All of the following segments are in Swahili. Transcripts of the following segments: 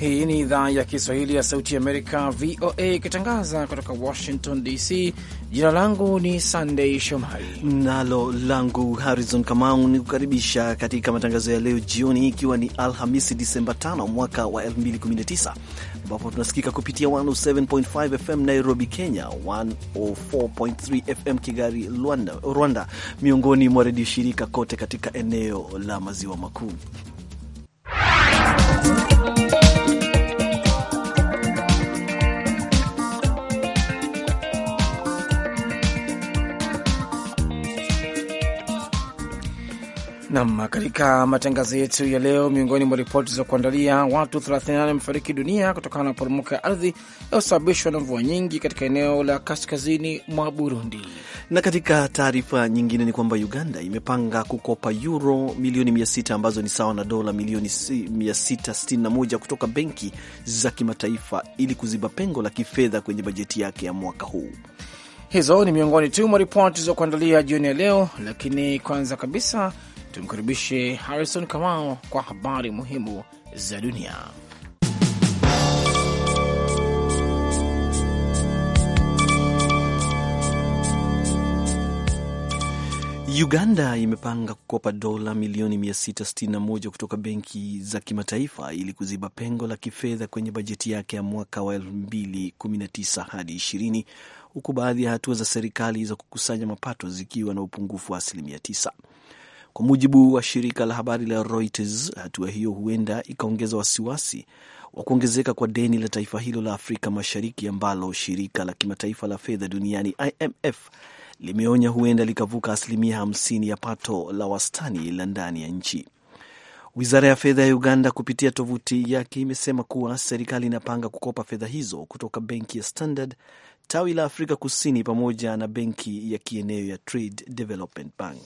Hii ni idhaa ya Kiswahili ya Sauti Amerika, VOA, ikitangaza kutoka Washington DC. Jina langu ni Sandei Shomari nalo langu Harrison Kamau, ni kukaribisha katika matangazo ya leo jioni, ikiwa ni Alhamisi Disemba 5 mwaka wa 2019 ambapo tunasikika kupitia 107.5 FM Nairobi, Kenya, 104.3 FM Kigali, Rwanda, Rwanda miongoni mwa redio shirika kote katika eneo la maziwa makuu. Nam, katika matangazo yetu ya leo, miongoni mwa ripoti za kuandalia, watu 38 wamefariki dunia kutokana na maporomoko ya ardhi yaosababishwa na mvua nyingi katika eneo la kaskazini mwa Burundi. Na katika taarifa nyingine ni kwamba Uganda imepanga kukopa euro milioni 600 ambazo ni sawa na dola milioni 661 kutoka benki za kimataifa ili kuziba pengo la kifedha kwenye bajeti yake ya mwaka huu. Hizo ni miongoni tu mwa ripoti za kuandalia jioni ya leo, lakini kwanza kabisa tumkaribishe Harrison Kamao kwa habari muhimu za dunia. Uganda imepanga kukopa dola milioni 661 kutoka benki za kimataifa ili kuziba pengo la kifedha kwenye bajeti yake ya mwaka wa 2019 hadi 20, huku baadhi ya hatua za serikali za kukusanya mapato zikiwa na upungufu wa asilimia 9. Kwa mujibu wa shirika la habari la Reuters, hatua hiyo huenda ikaongeza wasiwasi wa kuongezeka kwa deni la taifa hilo la Afrika Mashariki ambalo shirika la kimataifa la fedha duniani IMF limeonya huenda likavuka asilimia 50 ya pato la wastani la ndani ya nchi. Wizara ya fedha ya Uganda kupitia tovuti yake imesema kuwa serikali inapanga kukopa fedha hizo kutoka benki ya Standard tawi la Afrika Kusini pamoja na benki ya kieneo ya Trade Development Bank.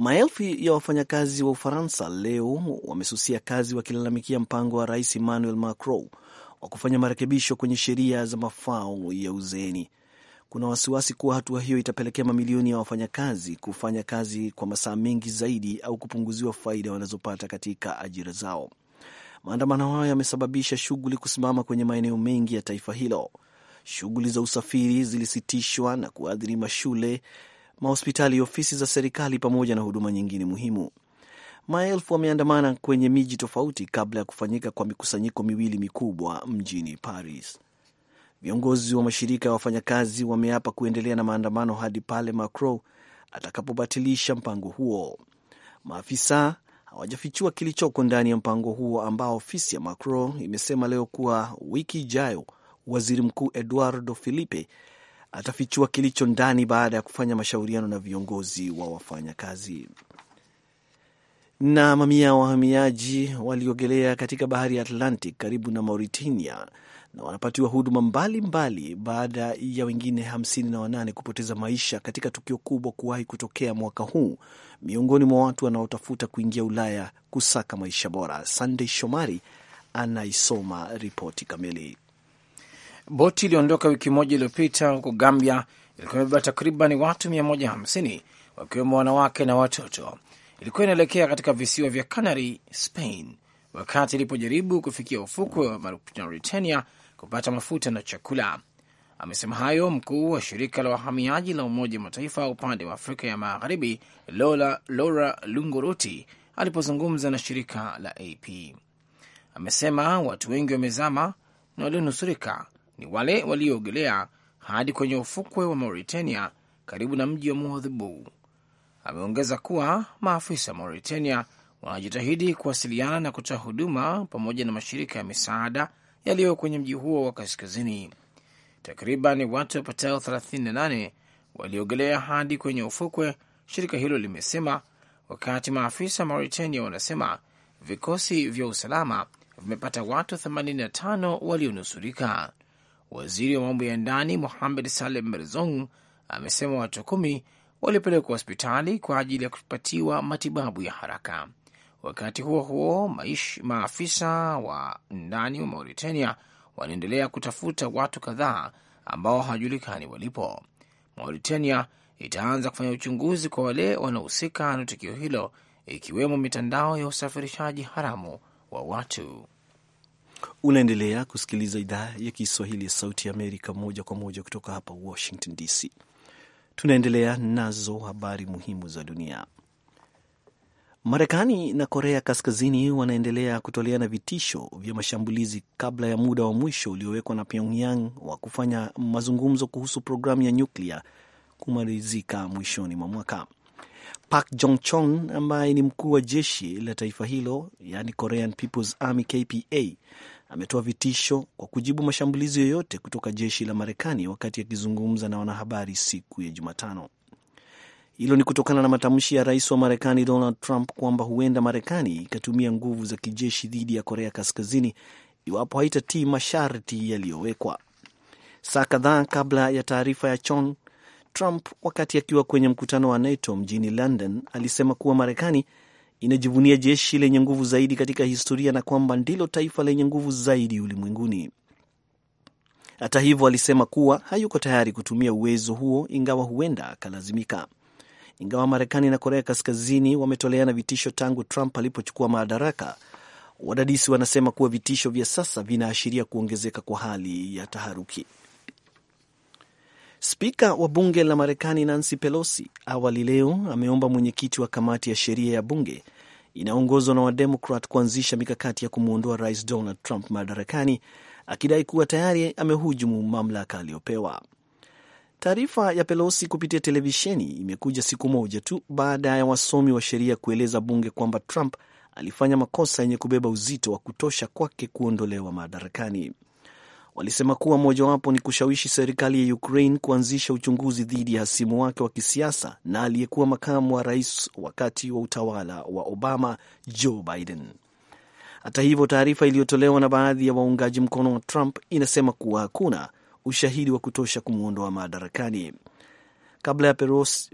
Maelfu ya wafanyakazi wa Ufaransa leo wamesusia kazi wakilalamikia mpango wa rais Emmanuel Macron wa kufanya marekebisho kwenye sheria za mafao ya uzeeni. Kuna wasiwasi kuwa hatua hiyo itapelekea mamilioni ya wafanyakazi kufanya kazi kwa masaa mengi zaidi au kupunguziwa faida wanazopata katika ajira zao. Maandamano hayo yamesababisha shughuli kusimama kwenye maeneo mengi ya taifa hilo. Shughuli za usafiri zilisitishwa na kuathiri mashule mahospitali, ofisi za serikali pamoja na huduma nyingine muhimu. Maelfu wameandamana kwenye miji tofauti kabla ya kufanyika kwa mikusanyiko miwili mikubwa mjini Paris. Viongozi wa mashirika ya wafanyakazi wameapa kuendelea na maandamano hadi pale Macron atakapobatilisha mpango huo. Maafisa hawajafichua kilichoko ndani ya mpango huo ambao ofisi ya Macron imesema leo kuwa wiki ijayo waziri mkuu Eduardo Filipe atafichua kilicho ndani baada ya kufanya mashauriano na viongozi wa wafanyakazi. Na mamia ya wahamiaji waliogelea katika bahari ya Atlantic karibu na Mauritania na wanapatiwa huduma mbalimbali baada ya wengine hamsini na wanane kupoteza maisha katika tukio kubwa kuwahi kutokea mwaka huu miongoni mwa watu wanaotafuta kuingia Ulaya kusaka maisha bora. Sandey Shomari anaisoma ripoti kamili. Boti iliondoka wiki moja iliyopita huko Gambia ilikuwa imebeba takriban watu 150 wakiwemo wanawake na watoto. Ilikuwa inaelekea katika visiwa vya Canary, Spain, wakati ilipojaribu kufikia ufukwe wa Mauritania kupata mafuta na chakula. Amesema hayo mkuu wa shirika la wahamiaji la Umoja wa Mataifa upande wa Afrika ya Magharibi, Lola, Laura Lungoroti, alipozungumza na shirika la AP. Amesema watu wengi wamezama na walionusurika ni wale walioogelea hadi kwenye ufukwe wa Mauritania karibu na mji wa Mwadhibu. Ameongeza kuwa maafisa wa Mauritania wanajitahidi kuwasiliana na kutoa huduma pamoja na mashirika ya misaada yaliyo kwenye mji huo wa kaskazini. Takriban watu wapatao 38 waliogelea hadi kwenye ufukwe, shirika hilo limesema, wakati maafisa Mauritania wanasema vikosi vya usalama vimepata watu 85 walionusurika. Waziri wa mambo ya ndani Mohamed salem Merzong amesema watu kumi walipelekwa hospitali kwa ajili ya kupatiwa matibabu ya haraka. Wakati huo huo, maish, maafisa wa ndani wa Mauritania wanaendelea kutafuta watu kadhaa ambao hawajulikani walipo. Mauritania itaanza kufanya uchunguzi kwa wale wanaohusika na tukio hilo, ikiwemo mitandao ya usafirishaji haramu wa watu. Unaendelea kusikiliza idhaa ya Kiswahili ya Sauti ya Amerika moja kwa moja kutoka hapa Washington DC. Tunaendelea nazo habari muhimu za dunia. Marekani na Korea Kaskazini wanaendelea kutoleana vitisho vya mashambulizi kabla ya muda wa mwisho uliowekwa na Pyongyang wa kufanya mazungumzo kuhusu programu ya nyuklia kumalizika mwishoni mwa mwaka. Park Jong Chon ambaye ni mkuu wa jeshi la taifa hilo, yani Korean People's Army KPA, ametoa vitisho kwa kujibu mashambulizi yoyote kutoka jeshi la Marekani wakati akizungumza na wanahabari siku ya Jumatano. Hilo ni kutokana na matamshi ya rais wa Marekani Donald Trump kwamba huenda Marekani ikatumia nguvu za kijeshi dhidi ya Korea Kaskazini iwapo haitatii masharti yaliyowekwa. Saa kadhaa kabla ya taarifa ya Chon, Trump wakati akiwa kwenye mkutano wa NATO mjini London alisema kuwa Marekani inajivunia jeshi lenye nguvu zaidi katika historia na kwamba ndilo taifa lenye nguvu zaidi ulimwenguni. Hata hivyo, alisema kuwa hayuko tayari kutumia uwezo huo ingawa huenda akalazimika. Ingawa Marekani na Korea Kaskazini wametoleana vitisho tangu Trump alipochukua madaraka, wadadisi wanasema kuwa vitisho vya sasa vinaashiria kuongezeka kwa hali ya taharuki. Spika wa bunge la Marekani Nancy Pelosi awali leo ameomba mwenyekiti wa kamati ya sheria ya bunge inayoongozwa na Wademokrat kuanzisha mikakati ya kumwondoa rais Donald Trump madarakani, akidai kuwa tayari amehujumu mamlaka aliyopewa. Taarifa ya Pelosi kupitia televisheni imekuja siku moja tu baada ya wasomi wa sheria kueleza bunge kwamba Trump alifanya makosa yenye kubeba uzito wa kutosha kwake kuondolewa madarakani walisema kuwa mojawapo ni kushawishi serikali ya Ukraine kuanzisha uchunguzi dhidi ya hasimu wake wa kisiasa na aliyekuwa makamu wa rais wakati wa utawala wa Obama, Joe Biden. Hata hivyo, taarifa iliyotolewa na baadhi ya waungaji mkono wa Trump inasema kuwa hakuna ushahidi wa kutosha kumwondoa madarakani. Kabla ya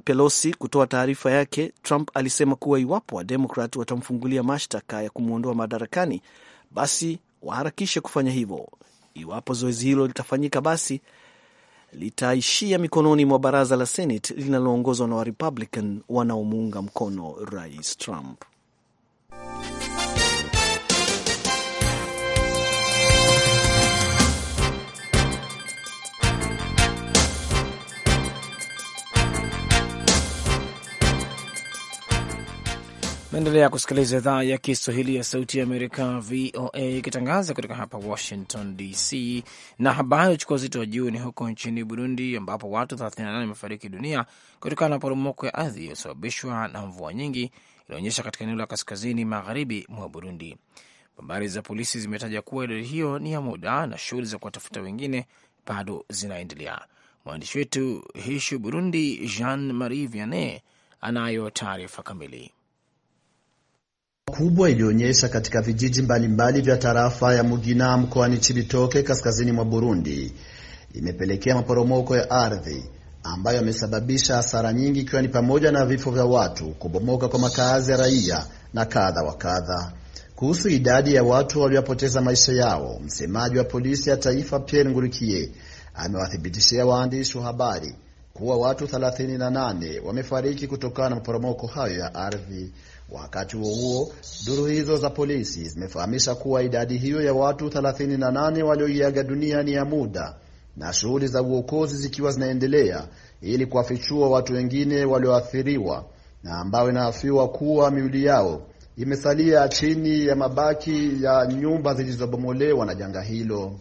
Pelosi kutoa taarifa yake, Trump alisema kuwa iwapo Wademokrat watamfungulia mashtaka ya kumwondoa madarakani, basi waharakishe kufanya hivyo. Iwapo zoezi hilo litafanyika, basi litaishia mikononi mwa baraza la Senate linaloongozwa na Warepublican wanaomuunga mkono Rais Trump. Naendelea kusikiliza idhaa ya Kiswahili ya Sauti ya Amerika, VOA, ikitangaza kutoka hapa Washington DC. Na habari uchukua uzito wa juu ni huko nchini Burundi, ambapo watu 38 wamefariki dunia kutokana na poromoko ya ardhi iliyosababishwa na mvua nyingi ilionyesha katika eneo la kaskazini magharibi mwa Burundi. Habari za polisi zimetaja kuwa idadi hiyo ni ya muda na shughuli za kuwatafuta wengine bado zinaendelea. Mwandishi wetu Hishu Burundi, Jean Marie Vianney, anayo taarifa kamili kubwa ilionyesha katika vijiji mbalimbali vya tarafa ya Mugina mkoani Chibitoke kaskazini mwa Burundi imepelekea maporomoko ya ardhi ambayo yamesababisha hasara nyingi ikiwa ni pamoja na vifo vya watu, kubomoka kwa makazi ya raia na kadha wa kadha. Kuhusu idadi ya watu waliopoteza maisha yao, msemaji wa polisi ya taifa Pierre Ngurikie amewathibitishia waandishi wa habari kuwa watu 38 wamefariki kutokana na maporomoko hayo ya ardhi. Wakati huo huo, duru hizo za polisi zimefahamisha kuwa idadi hiyo ya watu 38 walioiaga dunia ni ya muda na shughuli za uokozi zikiwa zinaendelea ili kuwafichua watu wengine walioathiriwa na ambayo inaafiwa kuwa miili yao imesalia chini ya mabaki ya nyumba zilizobomolewa na janga hilo.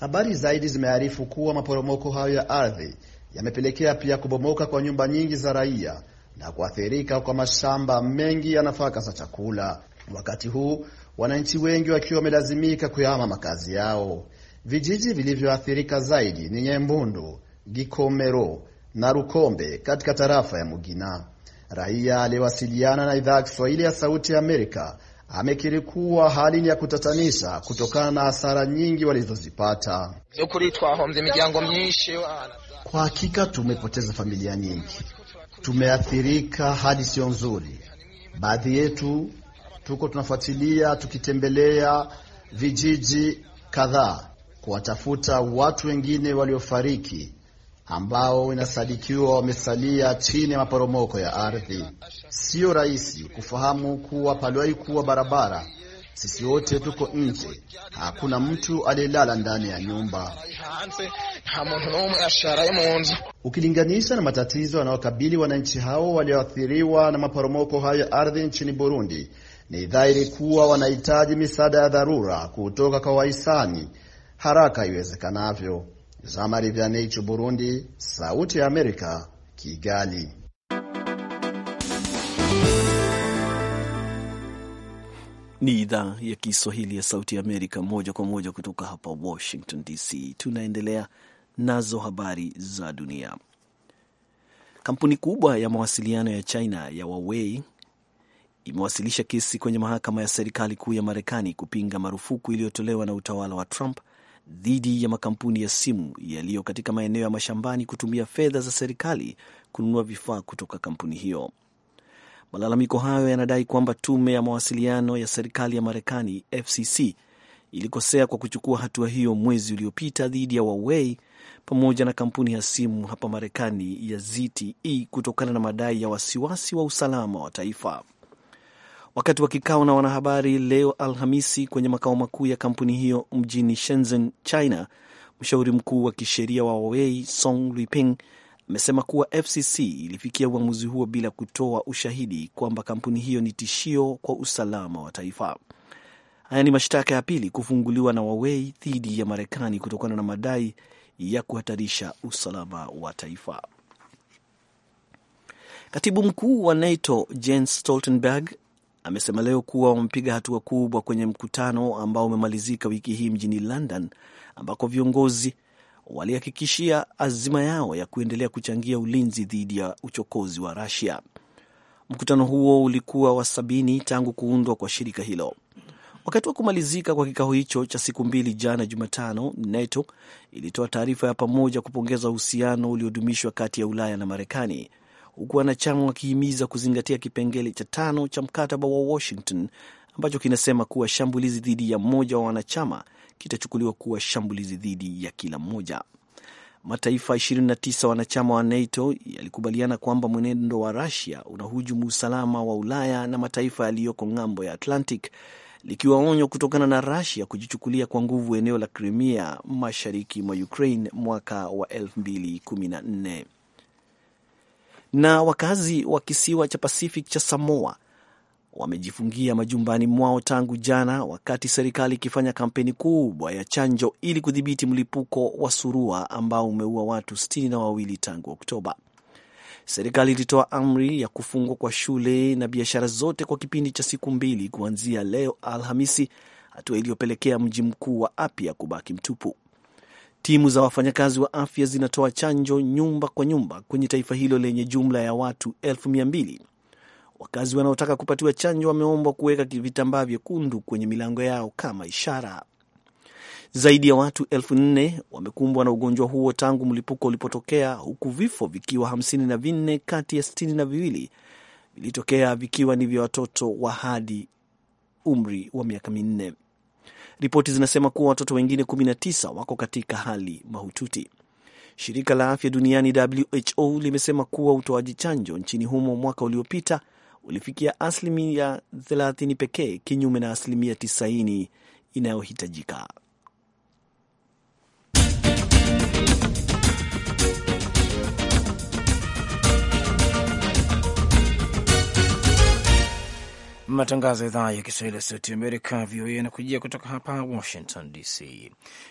Habari zaidi zimearifu kuwa maporomoko hayo ya ardhi yamepelekea pia kubomoka kwa nyumba nyingi za raia na kuathirika kwa mashamba mengi ya nafaka za chakula, wakati huu wananchi wengi wakiwa wamelazimika kuyahama makazi yao. Vijiji vilivyoathirika zaidi ni Nyembundu, Gikomero na Rukombe katika tarafa ya Mugina. Raia aliyewasiliana na idhaa ya Kiswahili ya Sauti ya Amerika amekiri kuwa hali ni ya kutatanisha kutokana na hasara nyingi walizozipata. Kwa hakika tumepoteza familia nyingi, tumeathirika hadi sio nzuri. Baadhi yetu tuko tunafuatilia tukitembelea vijiji kadhaa kuwatafuta watu wengine waliofariki ambao inasadikiwa wamesalia chini ya maporomoko ya ardhi. Sio rahisi kufahamu kuwa paliwahi kuwa barabara sisi wote tuko nje, hakuna mtu aliyelala ndani ya nyumba. Ukilinganisha na matatizo yanayokabili wananchi hao walioathiriwa na maporomoko hayo ya ardhi nchini Burundi, ni dhahiri kuwa wanahitaji misaada ya dharura kutoka kwa wahisani haraka iwezekanavyo. Zamari vya Burundi, Sauti ya Amerika, Kigali. Ni idhaa ya Kiswahili ya Sauti ya Amerika, moja kwa moja kutoka hapa Washington DC. Tunaendelea nazo habari za dunia. Kampuni kubwa ya mawasiliano ya China ya Huawei imewasilisha kesi kwenye mahakama ya serikali kuu ya Marekani kupinga marufuku iliyotolewa na utawala wa Trump dhidi ya makampuni ya simu yaliyo katika maeneo ya mashambani kutumia fedha za serikali kununua vifaa kutoka kampuni hiyo. Malalamiko hayo yanadai kwamba tume ya mawasiliano ya serikali ya Marekani, FCC, ilikosea kwa kuchukua hatua hiyo mwezi uliopita dhidi ya Huawei pamoja na kampuni ya simu hapa Marekani ya ZTE kutokana na madai ya wasiwasi wa usalama wa taifa. Wakati wa kikao na wanahabari leo Alhamisi kwenye makao makuu ya kampuni hiyo mjini Shenzhen, China, mshauri mkuu wa kisheria wa Huawei Song Luiping amesema kuwa FCC ilifikia uamuzi huo bila kutoa ushahidi kwamba kampuni hiyo ni tishio kwa usalama wa taifa. Haya ni mashtaka ya pili kufunguliwa na Huawei dhidi ya Marekani kutokana na madai ya kuhatarisha usalama wa taifa. Katibu mkuu wa NATO Jens Stoltenberg amesema leo kuwa wamepiga hatua kubwa kwenye mkutano ambao umemalizika wiki hii mjini London ambako viongozi walihakikishia azima yao ya kuendelea kuchangia ulinzi dhidi ya uchokozi wa Rusia. Mkutano huo ulikuwa wa sabini tangu kuundwa kwa shirika hilo. Wakati wa kumalizika kwa kikao hicho cha siku mbili jana Jumatano, NATO ilitoa taarifa ya pamoja kupongeza uhusiano uliodumishwa kati ya Ulaya na Marekani, huku wanachama wakihimiza kuzingatia kipengele cha tano cha mkataba wa Washington ambacho kinasema kuwa shambulizi dhidi ya mmoja wa wanachama kitachukuliwa kuwa shambulizi dhidi ya kila mmoja. Mataifa 29 wanachama wa NATO yalikubaliana kwamba mwenendo wa Russia unahujumu usalama wa Ulaya na mataifa yaliyoko ng'ambo ya Atlantic, likiwa onyo kutokana na Russia kujichukulia kwa nguvu eneo la Crimea mashariki mwa Ukraine mwaka wa 2014. Na wakazi wa kisiwa cha Pacific cha Samoa wamejifungia majumbani mwao tangu jana, wakati serikali ikifanya kampeni kubwa ya chanjo ili kudhibiti mlipuko wa surua ambao umeua watu sitini na wawili tangu Oktoba. Serikali ilitoa amri ya kufungwa kwa shule na biashara zote kwa kipindi cha siku mbili kuanzia leo Alhamisi, hatua iliyopelekea mji mkuu wa Apia kubaki mtupu. Timu za wafanyakazi wa afya zinatoa chanjo nyumba kwa nyumba kwenye taifa hilo lenye jumla ya watu elfu mia mbili Wakazi wanaotaka kupatiwa chanjo wameombwa kuweka vitambaa vyekundu kwenye milango yao kama ishara. Zaidi ya watu elfu nne wamekumbwa na ugonjwa huo tangu mlipuko ulipotokea, huku vifo vikiwa hamsini na vinne kati ya sitini na viwili vilitokea vikiwa ni vya watoto wa hadi umri wa miaka minne. Ripoti zinasema kuwa watoto wengine 19 wako katika hali mahututi. Shirika la afya duniani WHO limesema kuwa utoaji chanjo nchini humo mwaka uliopita ulifikia asilimia 30 pekee, kinyume na asilimia 90 inayohitajika. Matangazo ya idhaa ya Kiswahili ya Sauti Amerika, VOA, yanakujia kutoka hapa Washington DC.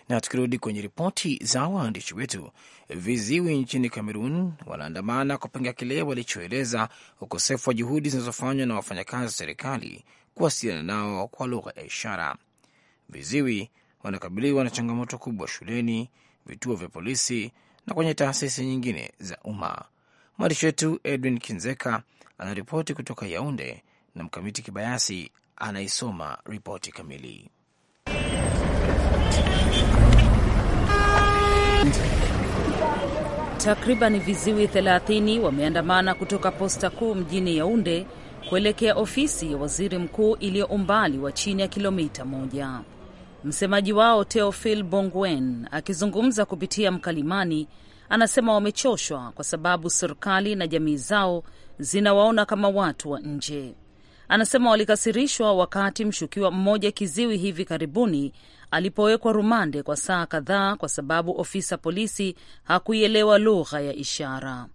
Na tukirudi kwenye ripoti za waandishi wetu, viziwi nchini Kamerun wanaandamana kupinga kile walichoeleza ukosefu wa juhudi zinazofanywa na wafanyakazi wa serikali kuwasiliana nao kwa lugha ya ishara. Viziwi wanakabiliwa na changamoto kubwa shuleni, vituo vya polisi na kwenye taasisi nyingine za umma. Mwandishi wetu Edwin Kinzeka anaripoti kutoka Yaunde na Mkamiti Kibayasi anaisoma ripoti kamili. Takriban viziwi 30 wameandamana kutoka posta kuu mjini Yaunde kuelekea ofisi ya waziri mkuu iliyo umbali wa chini ya kilomita moja. Msemaji wao Teofil Bongwen akizungumza kupitia mkalimani anasema wamechoshwa kwa sababu serikali na jamii zao zinawaona kama watu wa nje. Anasema walikasirishwa wakati mshukiwa mmoja kiziwi hivi karibuni alipowekwa rumande kwa saa kadhaa kwa sababu ofisa polisi hakuielewa lugha ya ishara.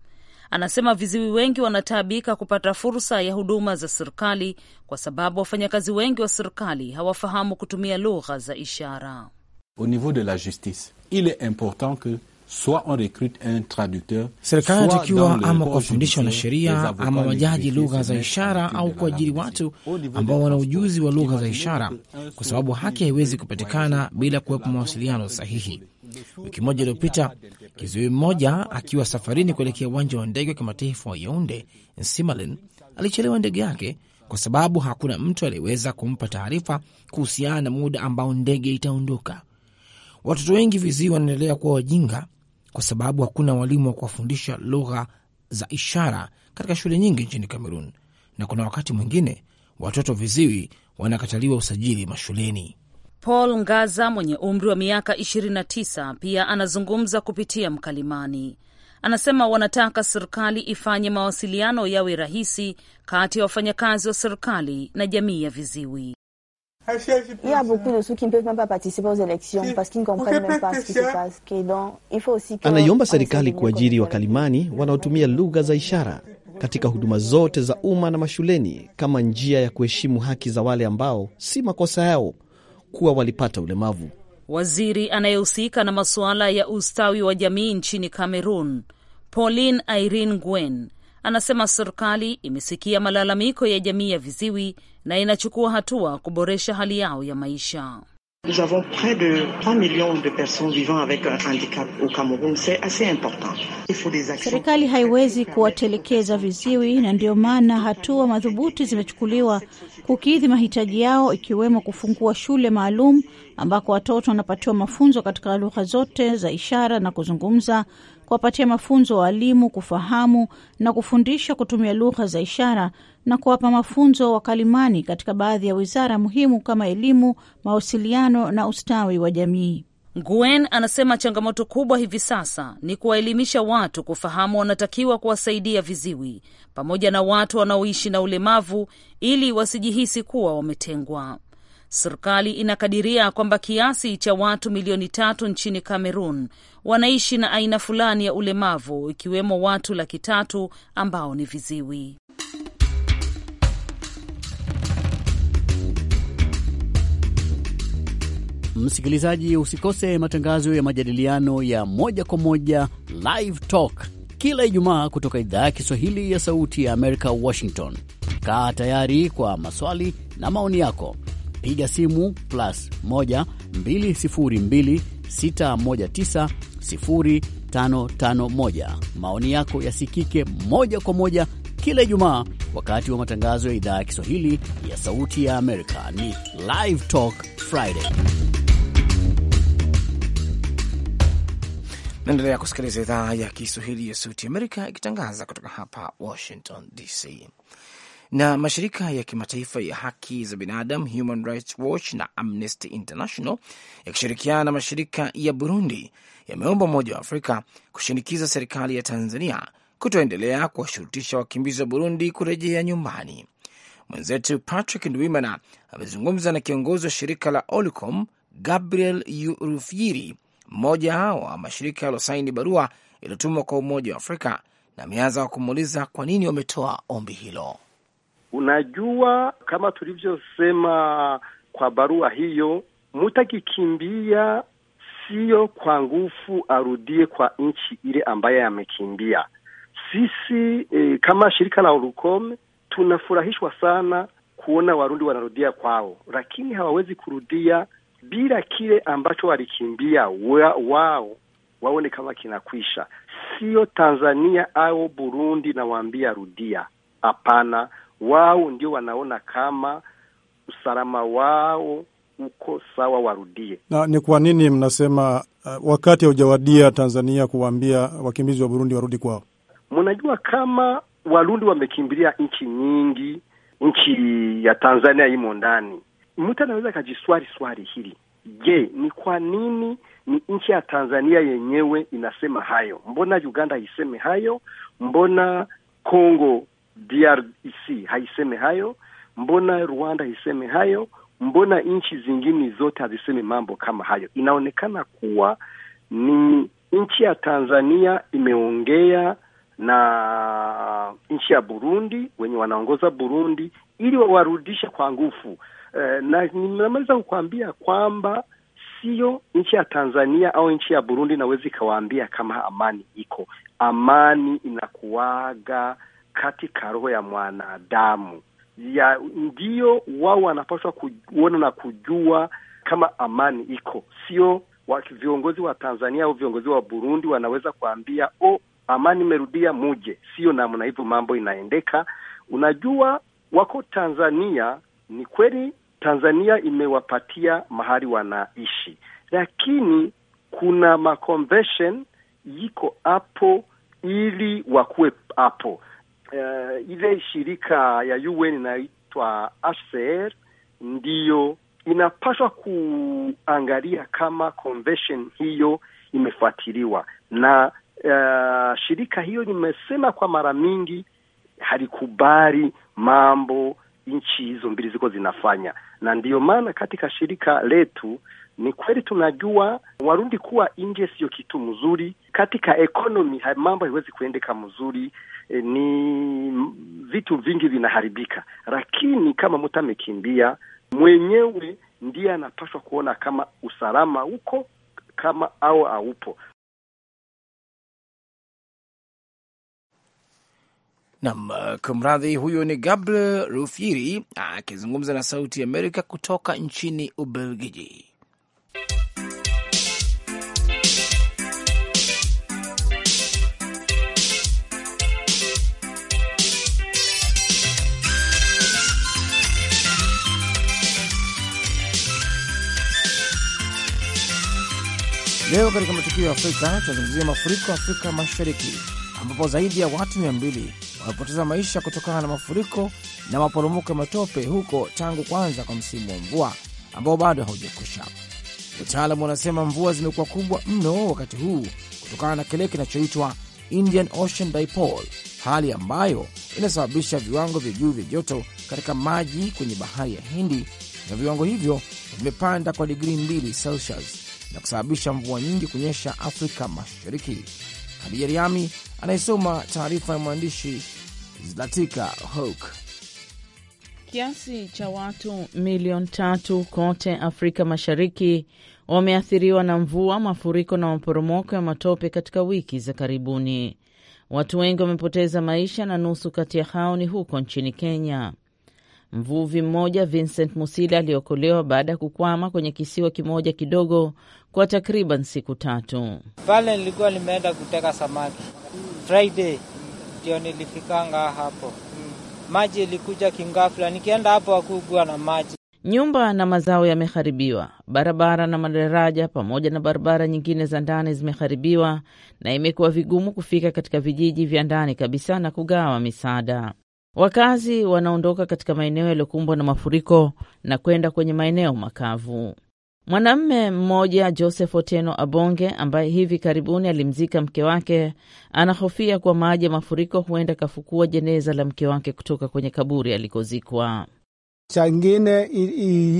Anasema viziwi wengi wanataabika kupata fursa ya huduma za serikali kwa sababu wafanyakazi wengi wa serikali hawafahamu kutumia lugha za ishara. Au niveau de la justice il est important que serikali inatakiwa ama kuwafundisha wanasheria ama majaji lugha za ishara au kuajiri watu ambao wana ujuzi wa lugha za ishara, kwa sababu haki haiwezi kupatikana bila kuwepo mawasiliano sahihi. Wiki moja iliyopita, kizuii mmoja akiwa safarini kuelekea uwanja wa ndege wa kimataifa wa Yaunde Nsimalin alichelewa ndege yake kwa sababu hakuna mtu aliyeweza kumpa taarifa kuhusiana na muda ambao ndege itaondoka. Watoto wengi viziwi wanaendelea kuwa wajinga kwa sababu hakuna walimu wa kuwafundisha lugha za ishara katika shule nyingi nchini Kamerun, na kuna wakati mwingine watoto viziwi wanakataliwa usajili mashuleni. Paul Ngaza mwenye umri wa miaka 29 pia anazungumza kupitia mkalimani. Anasema wanataka serikali ifanye mawasiliano yawe rahisi kati ya wafanyakazi wa serikali na jamii ya viziwi. Ah, il y a beaucoup de ceux qui ne peuvent même pas participer aux élections parce qu'ils ne comprennent même pas ce qui se passe. Il faut aussi que Anaiomba serikali kuajiri wakalimani wanaotumia lugha za ishara katika huduma zote za umma na mashuleni kama njia ya kuheshimu haki za wale ambao si makosa yao kuwa walipata ulemavu. Waziri anayehusika na masuala ya ustawi wa jamii nchini Cameroon, Pauline Irene Gwen Anasema serikali imesikia malalamiko ya jamii ya viziwi na inachukua hatua kuboresha hali yao ya maisha. Nous avons près de 3 millions de personnes vivant avec un handicap au Cameroun. C'est assez important. Il faut des actions. Serikali haiwezi kuwatelekeza viziwi na ndio maana hatua madhubuti zimechukuliwa kukidhi mahitaji yao ikiwemo kufungua shule maalum ambako watoto wanapatiwa mafunzo katika lugha zote za ishara na kuzungumza, kuwapatia mafunzo waalimu kufahamu na kufundisha kutumia lugha za ishara na kuwapa mafunzo wakalimani katika baadhi ya wizara muhimu kama elimu, mawasiliano na ustawi wa jamii. Guen anasema changamoto kubwa hivi sasa ni kuwaelimisha watu kufahamu wanatakiwa kuwasaidia viziwi pamoja na watu wanaoishi na ulemavu ili wasijihisi kuwa wametengwa. Serikali inakadiria kwamba kiasi cha watu milioni tatu nchini Kamerun wanaishi na aina fulani ya ulemavu ikiwemo watu laki tatu ambao ni viziwi. Msikilizaji, usikose matangazo ya majadiliano ya moja kwa moja Live Talk kila Ijumaa kutoka idhaa ya Kiswahili ya Sauti ya Amerika, Washington. Kaa tayari kwa maswali na maoni yako piga simu plus 1 Maoni yako yasikike moja kwa moja kila Ijumaa wakati wa matangazo ya idhaa ya Kiswahili ya Sauti ya Amerika. Ni Live Talk Friday. Naendelea kusikiliza idhaa ya Kiswahili ya Sauti Amerika ikitangaza kutoka hapa Washington DC na mashirika ya kimataifa ya haki za binadamu Human Rights Watch na Amnesty International yakishirikiana na mashirika ya Burundi yameomba Umoja wa Afrika kushinikiza serikali ya Tanzania kutoendelea kuwashurutisha wakimbizi wa Burundi kurejea nyumbani. Mwenzetu Patrick Ndwimana amezungumza na kiongozi wa shirika la Olicom Gabriel Urufyiri, mmoja wa mashirika yaliosaini barua iliyotumwa kwa Umoja wa Afrika, na ameanza kumuuliza kwa nini wametoa ombi hilo. Unajua, kama tulivyosema kwa barua hiyo, mtu akikimbia sio kwa nguvu arudie kwa nchi ile ambaye amekimbia. Sisi e, kama shirika la Urukom tunafurahishwa sana kuona Warundi wanarudia kwao, lakini hawawezi kurudia bila kile ambacho walikimbia wa, wao waone kama kinakwisha. Sio Tanzania au Burundi nawaambia rudia, hapana wao ndio wanaona kama usalama wao uko sawa warudie. Na ni kwa nini mnasema uh, wakati haujawadia Tanzania kuwaambia wakimbizi wa Burundi warudi kwao? Mnajua kama Warundi wamekimbilia nchi nyingi, nchi ya Tanzania imo ndani. Mtu anaweza akajiswali swali hili, je, ni kwa nini ni nchi ya Tanzania yenyewe inasema hayo? Mbona Uganda iseme hayo? Mbona Kongo DRC e haiseme hayo? Mbona Rwanda haiseme hayo? Mbona nchi zingine zote haziseme mambo kama hayo? Inaonekana kuwa ni nchi ya Tanzania imeongea na nchi ya Burundi, wenye wanaongoza Burundi ili wawarudishe kwa nguvu. E, na ninamaliza kukuambia kwamba sio nchi ya Tanzania au nchi ya Burundi nawezi ikawaambia kama amani iko. Amani inakuaga katika roho ya mwanadamu ya ndio wao wanapaswa kuona na kujua kama amani iko, sio wa viongozi wa Tanzania au viongozi wa Burundi wanaweza kuambia oh, amani imerudia muje. Sio namna hivyo mambo inaendeka. Unajua wako Tanzania, ni kweli Tanzania imewapatia mahali wanaishi, lakini kuna ma iko yiko hapo ili wakuwe hapo uh, ile shirika ya UN inaitwa HCR ndiyo inapaswa kuangalia kama convention hiyo imefuatiliwa na uh, shirika hiyo limesema kwa mara mingi halikubali mambo nchi hizo mbili ziko zinafanya, na ndiyo maana katika shirika letu ni kweli tunajua Warundi kuwa nje siyo kitu mzuri, katika economy mambo haiwezi kuendeka mzuri. E, ni vitu vingi vinaharibika, lakini kama mtu amekimbia mwenyewe ndiye anapaswa kuona kama usalama uko kama au aupo Nam kumradhi, huyo ni Gabriel rufiri akizungumza na Sauti ya Amerika kutoka nchini Ubelgiji. Leo katika matukio ya Afrika tunazungumzia mafuriko Afrika Mashariki, ambapo zaidi ya watu mia mbili wamepoteza maisha kutokana na mafuriko na maporomoko ya matope huko tangu kwanza kwa msimu wa mvua ambao bado haujakwisha. Wataalamu wanasema mvua zimekuwa kubwa mno wakati huu kutokana na kile kinachoitwa Indian Ocean Dipole, hali ambayo inasababisha viwango vya juu vya joto katika maji kwenye bahari ya Hindi, na viwango hivyo vimepanda kwa digrii 2 Celsius na kusababisha mvua nyingi kunyesha Afrika Mashariki. Hadija Riami anayesoma taarifa ya mwandishi Zlatika Hoke. Kiasi cha watu milioni tatu kote Afrika Mashariki wameathiriwa na mvua, mafuriko na maporomoko ya matope katika wiki za karibuni. Watu wengi wamepoteza maisha na nusu kati ya hao ni huko nchini Kenya. Mvuvi mmoja Vincent Musila aliokolewa baada ya kukwama kwenye kisiwa kimoja kidogo kwa takriban siku tatu. Pale nilikuwa nimeenda kuteka samaki Friday ndio nilifikanga hapo, maji ilikuja kingafla, nikienda hapo hakukuwa na maji. Nyumba na mazao yameharibiwa, barabara na madaraja pamoja na barabara nyingine za ndani zimeharibiwa, na imekuwa vigumu kufika katika vijiji vya ndani kabisa na kugawa misaada. Wakazi wanaondoka katika maeneo yaliyokumbwa na mafuriko na kwenda kwenye maeneo makavu. mwanamme mmoja Joseph Oteno Abonge, ambaye hivi karibuni alimzika mke wake, anahofia kuwa maji ya mafuriko huenda kafukua jeneza la mke wake kutoka kwenye kaburi alikozikwa. Changine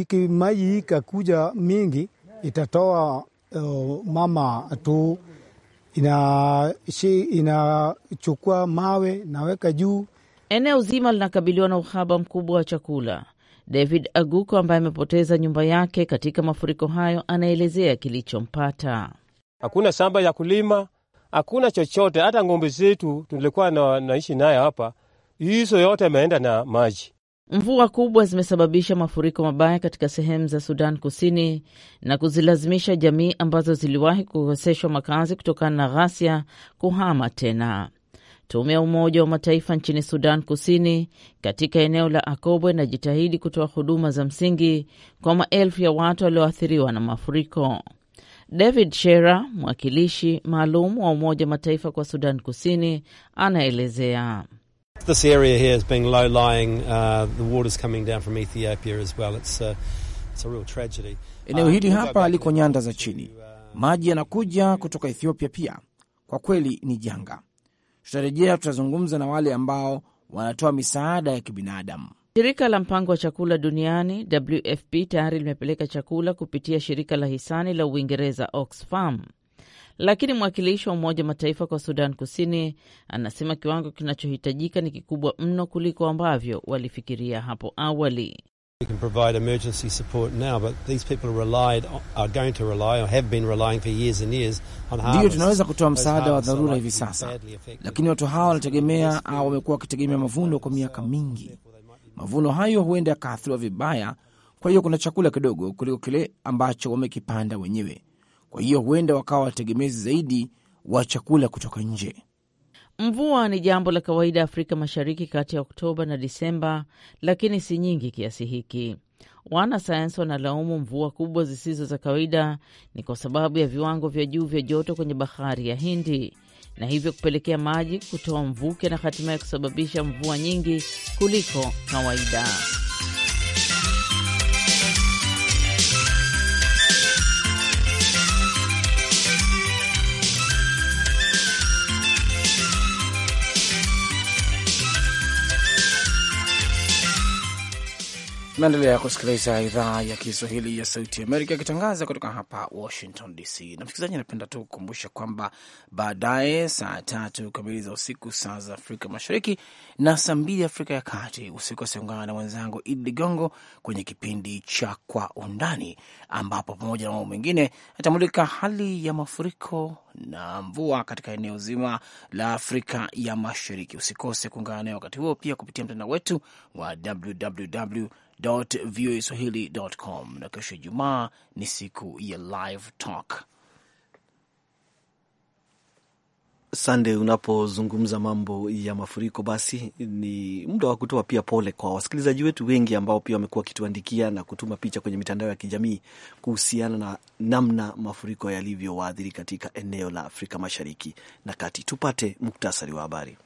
iki maji ikakuja mingi itatoa uh, mama tu inachukua ina mawe naweka juu Eneo zima linakabiliwa na uhaba mkubwa wa chakula. David Aguko ambaye amepoteza nyumba yake katika mafuriko hayo anaelezea kilichompata. Hakuna shamba ya kulima, hakuna chochote, hata ng'ombe zetu tulikuwa na, naishi nayo hapa, hizo yote ameenda na maji. Mvua kubwa zimesababisha mafuriko mabaya katika sehemu za Sudan Kusini na kuzilazimisha jamii ambazo ziliwahi kukoseshwa makazi kutokana na ghasia kuhama tena. Tume ya Umoja wa Mataifa nchini Sudan Kusini katika eneo la Akobwe inajitahidi kutoa huduma za msingi kwa maelfu ya watu walioathiriwa na mafuriko. David Shera, mwakilishi maalum wa Umoja wa Mataifa kwa Sudan Kusini, anaelezea. Eneo hili uh, hapa liko nyanda za chini, uh, maji yanakuja kutoka Ethiopia pia. Kwa kweli ni janga tutarejea, tutazungumza na wale ambao wanatoa misaada ya kibinadamu. Shirika la mpango wa chakula duniani WFP tayari limepeleka chakula kupitia shirika la hisani la Uingereza Oxfam, lakini mwakilishi wa Umoja Mataifa kwa Sudan Kusini anasema kiwango kinachohitajika ni kikubwa mno kuliko ambavyo walifikiria hapo awali. We can provide emergency support now, but these people relied, are going to rely or have been relying for years and years on harvests. tunaweza kutoa msaada wa dharura hivi sasa, lakini watu hawa wanategemea au wamekuwa wakitegemea mavuno kwa miaka mingi. Mavuno hayo huenda yakaathiriwa vibaya, kwa hiyo kuna chakula kidogo kuliko kile ambacho wamekipanda wenyewe. Kwa hiyo huenda wakawa wategemezi zaidi wa chakula kutoka nje. Mvua ni jambo la kawaida Afrika Mashariki kati ya Oktoba na Disemba, lakini si nyingi kiasi hiki. Wanasayansi wanalaumu mvua kubwa zisizo za kawaida ni kwa sababu ya viwango vya juu vya joto kwenye bahari ya Hindi na hivyo kupelekea maji kutoa mvuke na hatimaye kusababisha mvua nyingi kuliko kawaida. Naendelea kusikiliza idhaa ya Kiswahili ya Sauti Amerika ikitangaza kutoka hapa Washington DC. Na msikilizaji, anapenda tu kukumbusha kwamba baadaye saa tatu kamili za usiku, saa za Afrika Mashariki, na saa mbili Afrika ya Kati, usikoseungana na mwenzangu Idi Ligongo kwenye kipindi cha Kwa Undani, ambapo pamoja na mambo mengine atamulika hali ya mafuriko na mvua katika eneo zima la Afrika ya Mashariki. Usikose kuungana naye wakati huo, pia kupitia mtandao wetu wa www voa na kesho Ijumaa ni siku ya live talk. Sande, unapozungumza mambo ya mafuriko, basi ni muda wa kutoa pia pole kwa wasikilizaji wetu wengi ambao pia wamekuwa wakituandikia na kutuma picha kwenye mitandao ya kijamii kuhusiana na namna mafuriko yalivyowaathiri katika eneo la Afrika Mashariki na Kati. Tupate muktasari wa habari.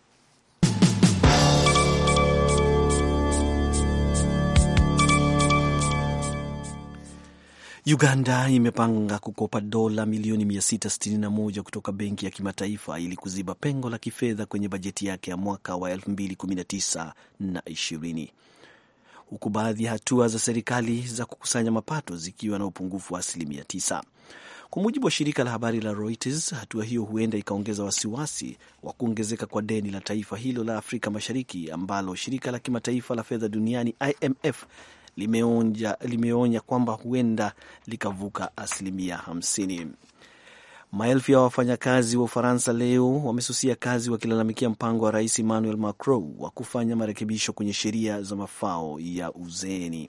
Uganda imepanga kukopa dola milioni 661 kutoka Benki ya Kimataifa ili kuziba pengo la kifedha kwenye bajeti yake ya mwaka wa 2019 na 20 huku baadhi ya hatua za serikali za kukusanya mapato zikiwa na upungufu wa asilimia 9 Kwa mujibu wa shirika la habari la Reuters, hatua hiyo huenda ikaongeza wasiwasi wa kuongezeka kwa deni la taifa hilo la Afrika Mashariki ambalo shirika la kimataifa la fedha duniani IMF limeonja, limeonya kwamba huenda likavuka asilimia 50. Maelfu ya wafanyakazi wa Ufaransa leo wamesusia kazi wakilalamikia mpango wa Rais Emmanuel Macron wa kufanya marekebisho kwenye sheria za mafao ya uzeeni.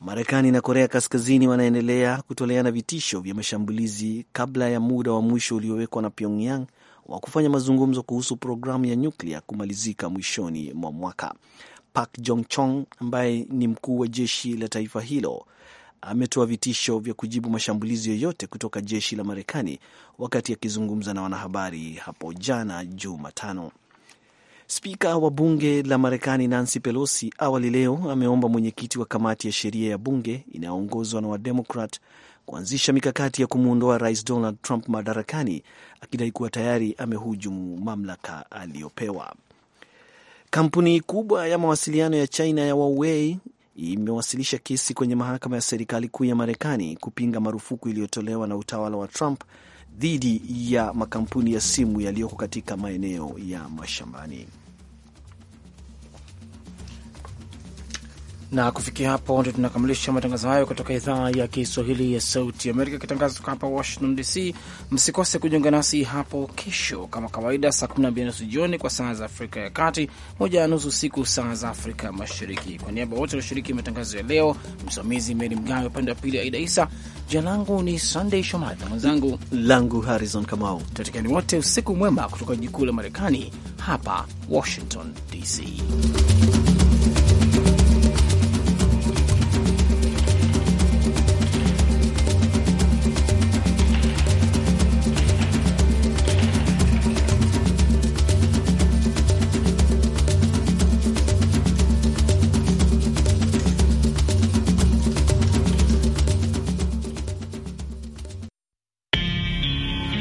Marekani na Korea Kaskazini wanaendelea kutoleana vitisho vya mashambulizi kabla ya muda wa mwisho uliowekwa na Pyongyang wa kufanya mazungumzo kuhusu programu ya nyuklia kumalizika mwishoni mwa mwaka. Pak Jong Chong ambaye ni mkuu wa jeshi la taifa hilo ametoa vitisho vya kujibu mashambulizi yoyote kutoka jeshi la Marekani wakati akizungumza na wanahabari hapo jana Jumatano. Spika wa bunge la Marekani Nancy Pelosi awali leo ameomba mwenyekiti wa kamati ya sheria ya bunge inayoongozwa na Wademokrat kuanzisha mikakati ya kumwondoa Rais Donald Trump madarakani akidai kuwa tayari amehujumu mamlaka aliyopewa. Kampuni kubwa ya mawasiliano ya China ya Huawei imewasilisha kesi kwenye mahakama ya serikali kuu ya Marekani kupinga marufuku iliyotolewa na utawala wa Trump dhidi ya makampuni ya simu yaliyoko katika maeneo ya mashambani. Na kufikia hapo ndio tunakamilisha matangazo hayo kutoka idhaa ya Kiswahili ya Sauti Amerika, ikitangaza kutoka hapa Washington DC. Msikose kujiunga nasi hapo kesho kama kawaida, saa 12 nusu jioni kwa saa za Afrika ya Kati, moja na nusu usiku saa za Afrika Mashariki. Kwa niaba wote walioshiriki matangazo ya leo, msimamizi Meri Mgawe, upande wa pili Aida Isa, jina langu ni Sandey Shomari na mwenzangu langu Harrison Kamau. Tutakieni wote usiku mwema kutoka jikuu la Marekani hapa Washington DC.